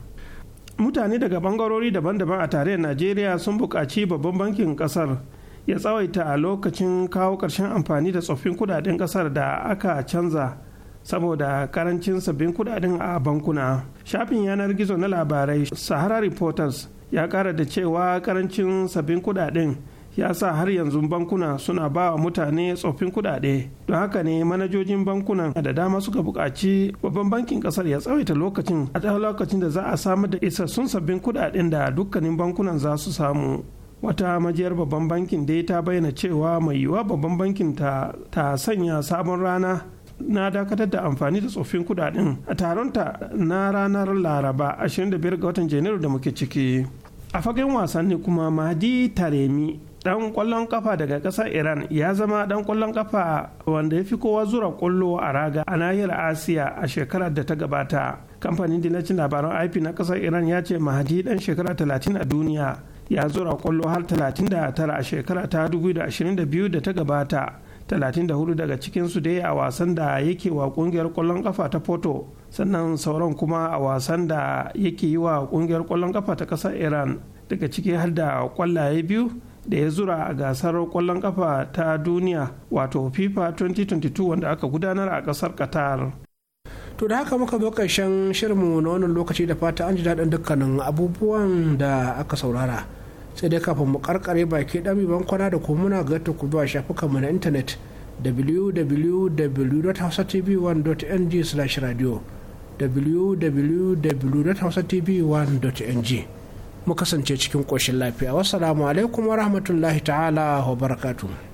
mutane daga bangarori daban-daban a tarayyar najeriya sun buƙaci babban bankin ƙasar ya tsawaita a lokacin kawo ƙarshen amfani da tsoffin kudaden ƙasar da aka canza saboda karancin sabbin kudaden a bankuna shafin yanar gizo na labarai sahara reporters ya ƙara da cewa karancin sabbin kudaden ya sa har yanzu bankuna suna ba wa mutane tsoffin kudade. don haka ne manajojin bankunan A da dama suka buƙaci babban bankin ƙasar ya tsawaita lokacin a lokacin da za a samar da isassun sabbin kuɗaɗen da dukkanin bankunan za su samu wata majiyar babban bankin dai ta bayyana cewa mai yiwuwa babban bankin ta, ta sanya sabon rana na dakatar da amfani da tsoffin kudaden a taronta na ranar laraba 25 ga watan janairu da muke ciki a fagen wasanni kuma mahdi taremi dan kwallon kafa daga kasar iran ya zama dan kwallon kafa wanda ya fi kowa zura kwallo a raga a nahiyar asiya a shekarar da ta gabata kamfanin dinacin labaran ip na kasar iran ya ce mahadi dan shekara 30 a duniya ya zura kwallo har 39 a shekara ta 2022 da ta gabata 34 daga cikinsu dai a wasan da yake wa kungiyar kwallon kafa ta Foto sannan sauran kuma a wasan da yake yi wa kungiyar kwallon kafa ta kasar iran daga ciki har da kwallaye biyu da ya zura a gasar kwallon kafa ta duniya wato fifa 2022 wanda aka gudanar a kasar qatar to da haka muka zo shan shirmu na wannan lokaci da fata an ji daɗin dukkanin abubuwan da aka saurara sai dai kafin mu karkare baki ɗami ban kwana da kuma muna ga ta zuwa shafukanmu na intanet www.hausatv1.ng/radio www.hausatv1.ng mu kasance cikin koshin lafiya wasu alaikum wa rahmatullahi ta'ala wa barakatuhu